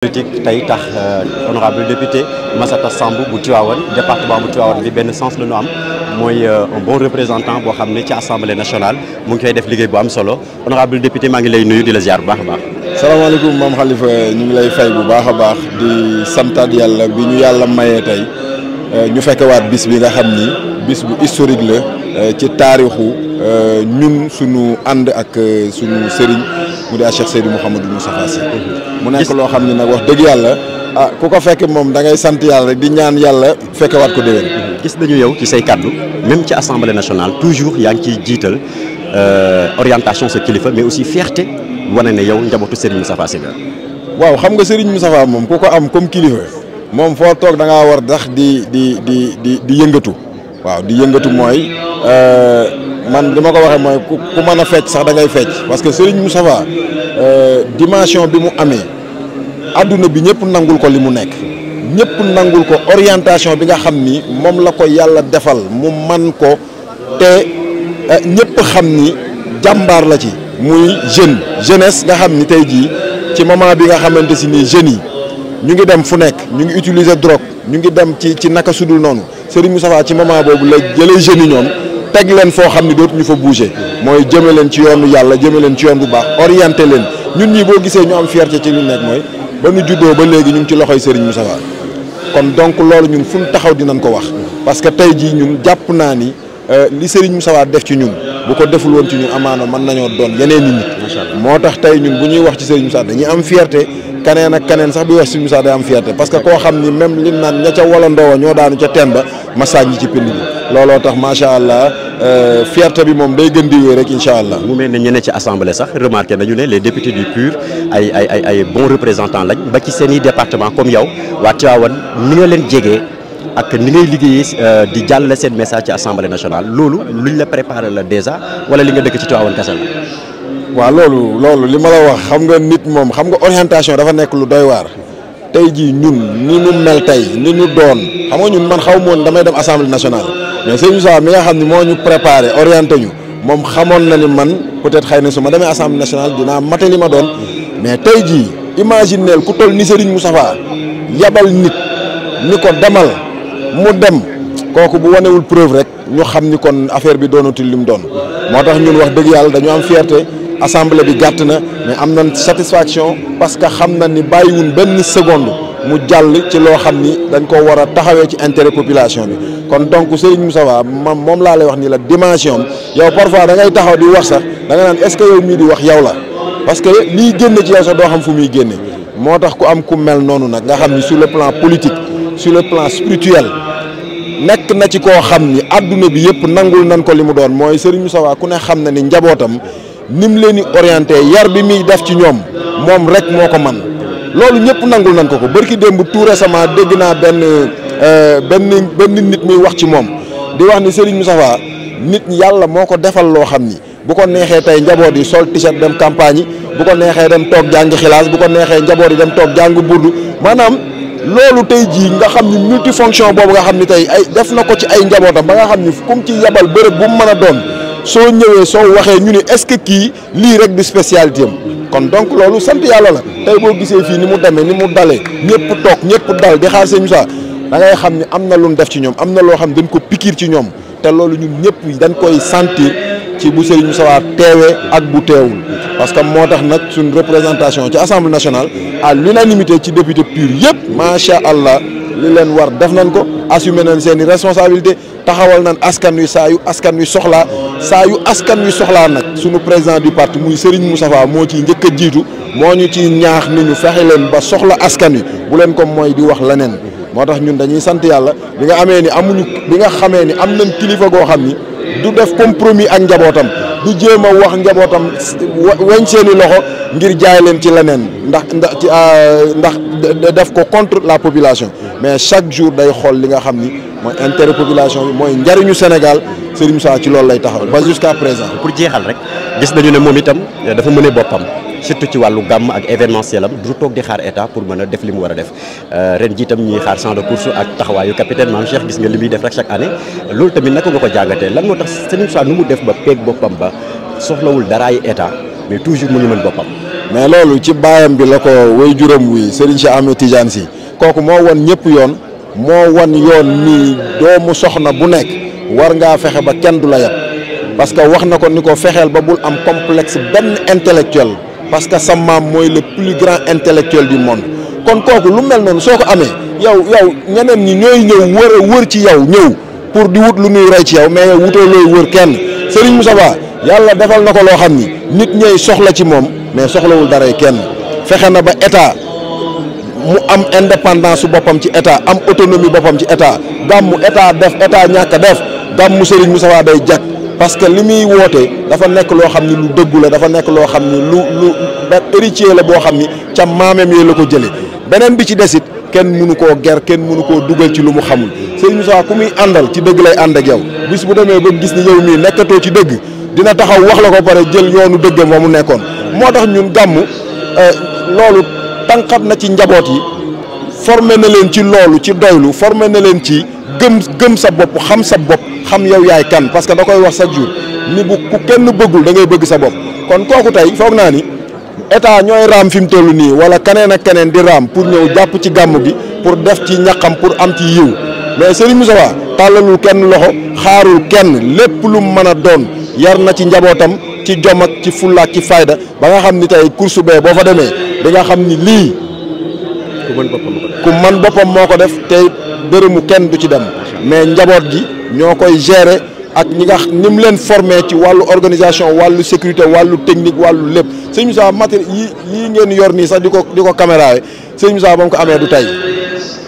politique tey tax euh, honorable député Massata Samb bu Tivaouane département bu Tivaouane bi benn sens la ñu am mooy euh, un bon représentant boo xam ne ci assemblée nationale mu ngi koy def liggéey bu am solo honorable député maa ngi lay nuyu di la ziar bu baax a baax. salaamaaleykum maam Khalifa ñu ngi lay fay bu baax a baax di santaat yàlla bi ñu yàlla mayee tey euh, ñu fekkewaat bis bi nga xam ni bis bu historique la ci taarixu ñun suñu ànd ak suñu sëriñ. mu di a Cheikh Seydou Mouhamadou Moustapha Sy mhm. mu nekk loo xam ne nag wax dëgg yàlla a ah, ku ko fekk moom dangay sant yàlla rek di ñaan yàlla fekkewaat ko déwén mhm. gis nañu yow ci say kàddu même ci assemblée nationale toujours yaa ngi ciy jiital euh, orientation sa kilifa mais aussi fierté wane ne yow njabootu Serigne Moustapha Sy nga waaw xam nga Serigne Moustapha moom ku ko am comme kilifa moom foo toog da ngaa war dax di di di di di yëngatu waaw di yëngatu mooy euh, man li ma ko waxee mooy ku ku mën a fecc sax da ngay fecc parce que Serigne Moustapha euh, dimension bi mu amee adduna bi ñëpp nangul ko li mu nekk ñëpp nangul ko orientation bi nga xam ni moom la ko yàlla defal mu man ko te euh, ñëpp xam ni jàmbaar la ci muy jeune jeunesse nga xam ni tey jii ci moment bi nga xamante si ni jeunes yi ñu ngi dem fu nekk ñu ngi utiliser drogue ñu ngi dem ci ci naka sudul noonu Serigne Moustapha ci moment boobu la jëlee jeunes yi ñoom teg leen foo xam ni dootuñu fa bouger mooy jëme leen ci yoonu yàlla jëme leen ci yoon bu baax orienté leen ñun ñi boo gisee ñu am fierté ci lu mooy ba ñu juddoo ba léegi ñu ngi ci loxoy Serigne Moussa kon donc loolu ñun fu ñu taxaw dinañ ko wax parce que tey jii ñun jàpp naa ni euh, li Serigne Moussa def ci ñun bu ko deful woon ci ñun amaano mën nañoo doon yeneen i nit moo tax tey ñun bu ñuy wax ci Serigne Moussa dañuy am fierté kaneen ak kaneen sax bi wax Serigne Moussa day am fierté parce que koo xam ni même li naan ña ca walandoo wa ñoo daanu ca teen ba ma sàññi ci pind looloo tax macha allah euh, fierté bi moom day gën di rek incha allah. mu mel ne ñu ne ci assemblée sax remarqué nañu ne lee députés du PUR ay ay ay ay bons représentants lañ ba ci seen i département comme yow waa Tivaouane ni nga leen jegee ak ni ngay liggéeyee euh, di jàllale seen message ci assemblée nationale loolu luñ la préparé la déjà wala li nga dëkk ci Tivaouane kese la. waaw loolu loolu li ma la wax xam nga nit moom xam nga orientation dafa nekk lu doy waar. tey jii ñun ni mel tey ni ñu doon xam nga ñun man xaw moon damay dem assemblée nationale mais sëñ Moussa mi nga xam ne moo ñu préparé orienté ñu moom xamoon na ni man peut-être xëy na su ma demee assemblée nationale dinaa mate li ma doon mais tey jii imagineel ku toll ni Serigne Moustapha yabal nit ni ko demal mu dem kooku bu wanewul preuve rek ñu xam ni kon affaire bi doonatul li mu doon moo tax ñun wax dëgg yàlla dañu am fierté assemblée bi gàtt na mais am na satisfaction parce que xam na ni bàyyiwun benn seconde mu jàll ci loo xam ni dañ ko war a taxawee ci intérêt population bi kon donc Serigne Moussa Wa moom moom laa lay wax ni la dimension yow parfois da taxaw di wax sax da nga naan est-ce que mii di wax yow la parce que liy génn ci yow sax doo xam fu muy génne moo tax ku am ku mel noonu nag nga xam ni sur le plan politique sur le plan spirituel nekk na ci koo xam ni àdduna bi yëpp nangul nan ko li mu doon mooy Serigne Moussa ku ne xam na ni njabootam nim leen di orienté yar bi muy def ci ñoom moom rek moo ko man loolu ñëpp nangul nañ ko ko bërki démb tout récemment dégg naa benn euh, benn benn nit muy wax ci moom di wax ni mu Moustapha nit yàlla moo ko defal loo xam ni bu ko neexee tey njaboot yi sol t-shirt dem campagne bu ko neexee dem toog jàngi xilaas bu ko neexee njaboot yi dem toog jàngi buddu maanaam loolu tey jii nga xam ni fonction boobu nga xam ni tey ay def na ko ci ay njabootam ba nga xam ni kum ci yabal bërëb bu mu mën a doon soo ñëwee soo waxee ñu ne est-ce que kii lii rek di spécialité am kon donc loolu sant yàlla la tey boo gisee fii ni mu demee ni mu dalee ñëpp toog ñëpp dal di xaar seen Moussa da ngay xam ni am na lu def ci ñoom am na loo xam dañ ko pikiir ci ñoom te loolu ñun ñëpp dañ koy santi ci bu Serigne Moussa teewee ak bu teewul parce que moo tax nag suñ représentation ci assemblée nationale à l'unanimité ci député pur yëpp macha allah. li leen war def nañ ko assumé nañ seen i responsabilité taxawal nan askan wi saa yu askan wi soxlaa saa yu askan wi soxlaa nag suñu président du parti muy Serigne Moustapha moo ci njëkk a jiitu moo ñu ci ñaax ni ñu fexe leen ba soxla askan wi bu leen ko mooy di wax leneen moo tax ñun dañuy sant yàlla bi nga amee ni amuñu bi nga xamee ni am nañ kilifa goo xam ni du def compromis ak njabootam du jéem a wax njabootam weñ seen i loxo ngir jaay leen ci leneen ndax ndax ci ah, ndax def ko contre la population mais chaque jour day xool li nga xam ni mooy intérêt population bi mooy njariñu Sénégal Serigne Moussa ci loolu lay taxaw ba jusqu'à présent. pour jeexal rek gis nañu ne moom itam dafa mën a boppam surtout ci wàllu gàmm ak événementiel am du toog di xaar état pour mën a def li mu war a def euh, ren jii itam ñuy xaar champ de course ak taxawaayu capitaine maam Cheikh gis nga li muy def rek chaque année loolu tamit naka nga ko jàngatee lan moo tax Serigne Moussa nu mu def ba peeg boppam ba soxlawul daraay état mais toujours mu ngi mën boppam. mais loolu ci baayam bi la ko way juróom wi Serigne Cheikh Ahmed Tidiane Sy kooku moo wan ñëpp yoon moo wan yoon nii doomu soxna bu nekk war ngaa fexe ba kenn du la yab parce que wax na ko ni ko fexeel ba bul am complexe benn intellectuel parce que sa maam mooy le plus grand intellectuel du monde kon kooku lu mel noonu soo ko amee yow yow ñeneen ñi ñooy ñëw wër a wër ci yow ñëw pour di wut lu ñuy rey ci yow mais yow wutoo looy wër kenn Serigne Moussa Ba yàlla defal na ko loo xam ni nit ñooy soxla ci moom mais soxlawul dara kenn fexe na ba état. mu am indépendance su boppam ci état am autonomie boppam ci état gàmmu état def état ñàkk a def gàmmu Serigne Moustapha day jag parce que li muy wootee dafa nekk loo xam ni lu dëggu la dafa nekk loo xam ni lu lu héritier la boo xam ni ca maamam yee la ko jëlee beneen bi ci desit kenn mënu ko ger kenn mënu koo dugal ci lu mu xamul Serigne Moustapha ku muy àndal ci dëgg lay ànd ak yow bis bu demee ba gis ni yow mii nekkatoo ci dëgg dina taxaw wax la ko pare jël yoonu dëggam wa mu nekkoon moo tax ñun gàmmu euh, loolu. tànqam na ci njaboot yi forme na leen ci loolu ci doylu forme na leen ci gëm gëm sa bopp xam sa bopp xam yow yaay kan parce que da koy wax chaque jour ni bu ku kenn bëggul dangay ngay bëgg sa bopp kon kooku tey foog naa ni état ñooy raam fi mu toll nii wala keneen ak keneen di raam pour ñëw jàpp ci gàmm gi pour def ci ñaqam pour am ci yiw mais Serigne Moussa Wa tàllalul kenn loxo xaarul kenn lépp lu mën a doon yar na ci njabootam ci jom ak ci fulla ak ci fayda ba nga xam ni tey course bee boo fa demee di xam ni lii. ku man boppam moo ko def ku mën boppam moo ko tey dërëmu kenn du ci dem. mais njaboot gi ñoo koy gérer ak ñi nga ni mu leen formé ci wàllu organisation wàllu sécurité wàllu technique wàllu lépp sëñ Moussa matériel yi yii ngeen yor nii sax di ko di ko caméra yi sëñ Moussa ba mu ko amee du tey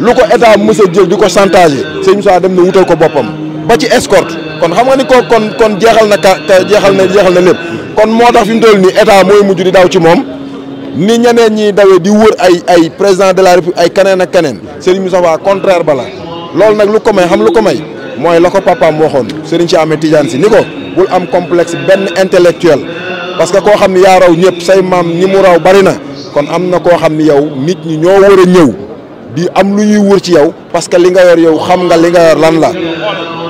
lu ko état mës a jël di ko chantage sëñ Moussa dem na wutal ko boppam ba ci escorte kon xam nga ni ko kon kon jeexal na ka jeexal na jeexal lépp kon moo tax fi mu toll nii état mooy mujj di daw ci moom. ni ñeneen ñiy dawee di wër ay président de la république ay keneen ak keneen Serigne Moussa waa contraire la loolu nag lu ko may xam lu ko may mooy la ko papaam waxoon Serigne Cheikh Ahmed Tidiane si ni ko bul am complexe benn intellectuel parce que koo xam ni yaa raw ñëpp say maam ñi mu raw bari na kon am na koo xam ni yow nit ñi ñoo war a ñëw di am lu ñuy wuur ci yow parce que li nga yor yow xam nga li nga yor lan la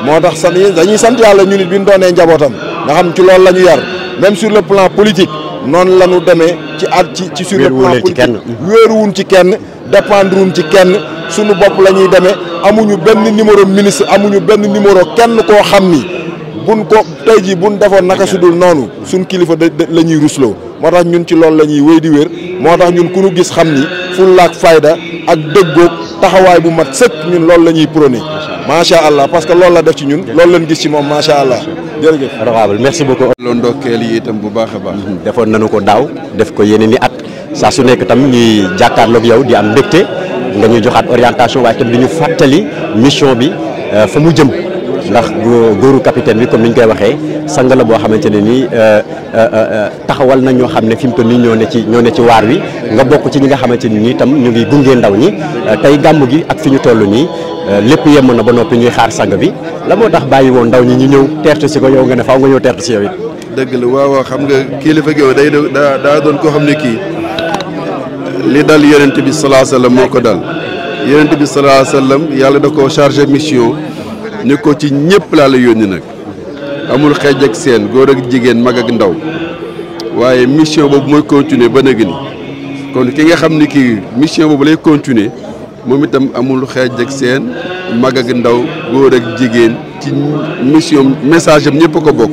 moo tax sax dañuy sant yàlla ñu nit bi ñu doonee nga xam ci loolu la ñu yar même sur le plan politique noonu la ñu demee ci at ci ci sur le plan politique wéeruwuñ ci kenn dépendre wuñ ci kenn sunu bopp la ñuy demee amuñu benn numéro ministre amuñu benn numéro kenn koo xam ni buñ ko tey jii buñ defoon naka sudul noonu suñ kilifa da la ñuy rusloo moo tax ñun ci loolu la ñuy wéy di wér moo tax ñun ku ñu gis xam ni fullaak fayda ak dëggoog taxawaay bu mat sëkk ñun loolu la ñuy prôné macha allah parce que loolu la def ci ñun loolu lañ gis ci moom macha allah jërëjëf honorable merci loo loolu ndokkeel yi itam bu baax a baax. Mhm. defoon nañu ko daaw def ko yeneen i at saa su nekk tam ñuy jàkkaarloog yow di am mbégte nga ñu joxaat orientation waaye itam di ñu fàttali mission bi euh, fa mu jëm. ndax góoru capitaine bi comme ni ñu koy waxee sang la boo xamante ne nii euh, euh, euh, taxawal na ñoo xam ne fi mu toll nii ñoo ne ci ñoo ne ci waar wi nga bokk ci ñi nga xamante ne nii itam ñu ngi gungee ndaw ñi tey gàmm gi ak fi ñu toll nii lépp yem na ba noppi ñuy xaar sang bi la moo tax bàyyi woon ndaw ñi ñu ñëw teertu si ko yow nga ne faw nga ñëw teertu si yow it. dëgg la waaw waaw xam nga kilifa gi day daa daa doon koo xam ne kii li dal yonent bi salaa sallam moo ko dal yonent bi salaa sallam yàlla da koo chargé mission. ni ci ñëpp laa la yónni nag amul xeej ak seen góor ak jigéen mag ak ndaw waaye mission boobu mooy continuer ba nëgg ni kon ki nga xam ni kii mission boobu lay continuer moom itam amul xeej ak seen mag ak ndaw góor ak jigéen ci mission message am ñëpp ko bokk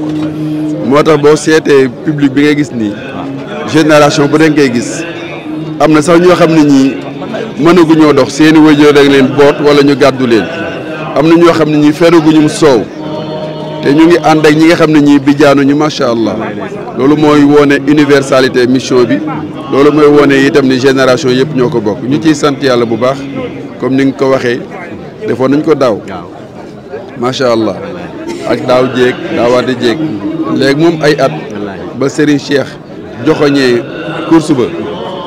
moo tax boo seetee public bi ngay gis nii génération bu nekk ngay gis am na sax ñoo xam ne ñii mënaguñoo dox seeni wajur rek leen boot wala ñu gàddu leen am na ñoo xam ne ñi fereguñum soow te ñu ngi ànd ak ñi nga xam ne ñii bijaanuñu macha allah loolu mooy woone universalité mission bi loolu mooy woone itam ni génération yëpp ñoo ko bokk ñu ciy sant yàlla bu baax comme ni nga ko waxee defoon nañu ko daaw macha allah ak daaw jéeg daawaate jéeg léegi moom ay at ba Serigne Cheikh joxoñee course ba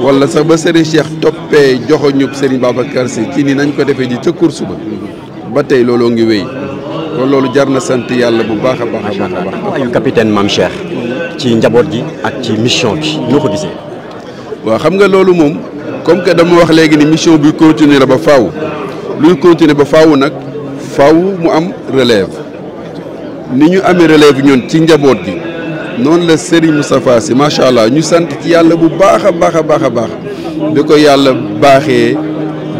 wala sax ba Serigne Cheikh toppee joxoñub Serigne Babacar Sy ci nii nañ ko defee ji ca course ba ba tey looloo ngi wéy kon loolu jar na sant yàlla bu baax a baax a baax a baax. waayu capitaine Mame ci njaboot gi ak ci mission bi ñoo ko waaw xam nga loolu moom comme que dama wax léegi ni mission bi continuer la ba faaw luy continuer ba faaw nag faaw mu am relève ni ñu amee relève ñun ci njaboot gi noonu la Serigne Moustapha Sy allah ñu sant yàlla bu baax baax baax a baax bi ko yàlla baaxee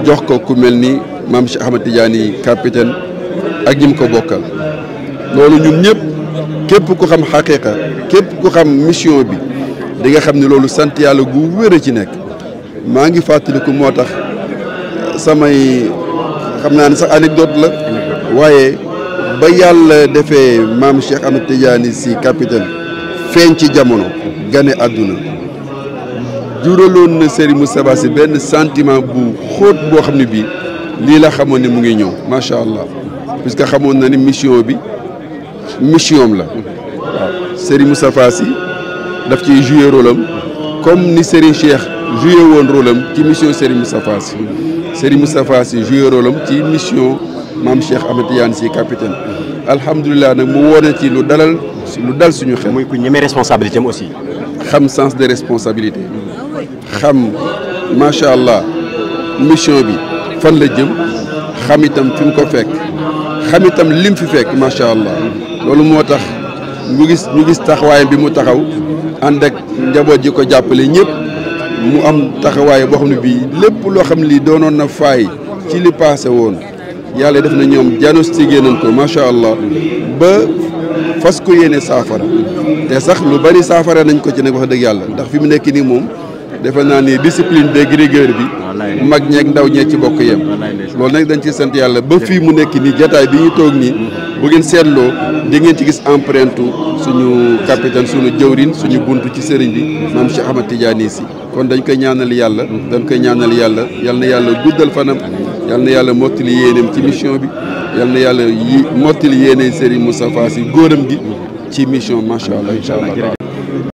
jox ko ku mel ni. maam Cheikh Ahmad Tidiane capitaine ak ñi mu ko bokkal loolu ñun ñëpp képp ku xam xaqiqa képp ku xam mission bi di nga xam ne loolu sant yàlla gu wér a ci nekk maa ngi fàttaliku moo tax samay xam naa ne sax anecdote la waaye ba yàlla defee maam Cheikh Ahmad Tidiane si capitaine feeñ ci jamono gane àdduna juraloon na Serigne Moustapha Sy benn santiment bu xóot boo xam ne bii lii la xamoon ne mu ngi ñëw macha allah puisque xamoon na ni mission bi mission la. waaw Serigne Moustapha Sy daf ciy joué rôle comme ni Serigne Cheikh joué woon rôle ci mission Serigne Moustapha Sy. Serigne Moustapha Sy ci mission maam Cheikh Ahmed si Sy capitaine. alhamdulilah nag mu woone ci lu dalal lu dal suñu xel. muy ku aussi. xam sens de responsabilité. xam macha allah mission bi. fan la jëm xam itam fi mu ko fekk xam itam lim fi fekk macha allah loolu moo tax ñu gis mu gis taxawaayam bi mu taxaw ànd ak njaboot ji ko jàppale ñëpp mu am taxawaay boo xam ne bii lépp loo xam lii doonoon na faay ci li paase woon yàlla def na ñoom diagnostiqué nañ ko macha allah ba fas ko yéene saafara te sax lu bari saafara nañ ko ci nag wax dëgg yàlla ndax fi mu nekk nii moom. defe naa ni discipline de rigueur bi mag ñeek ndaw ñee ci bokk yem loolu nag dañ ci sant yàlla ba fii mu nekk nii jataay bi ñu toog nii bu ngeen seetloo di ngeen ci gis empreinte suñu capitaine suñu jëwriñ suñu bunt ci sëriñ bi maam Cheikh Ahmad Tidiane si kon dañ koy ñaanal yàlla dañ koy ñaanal yàlla yal na yàlla guddal fanam yal yàlla mottali yéeneem ci mission bi yal yàlla yi mottali yéene sëriñ Moustapha si góoram gi ci mission macha allah incha allah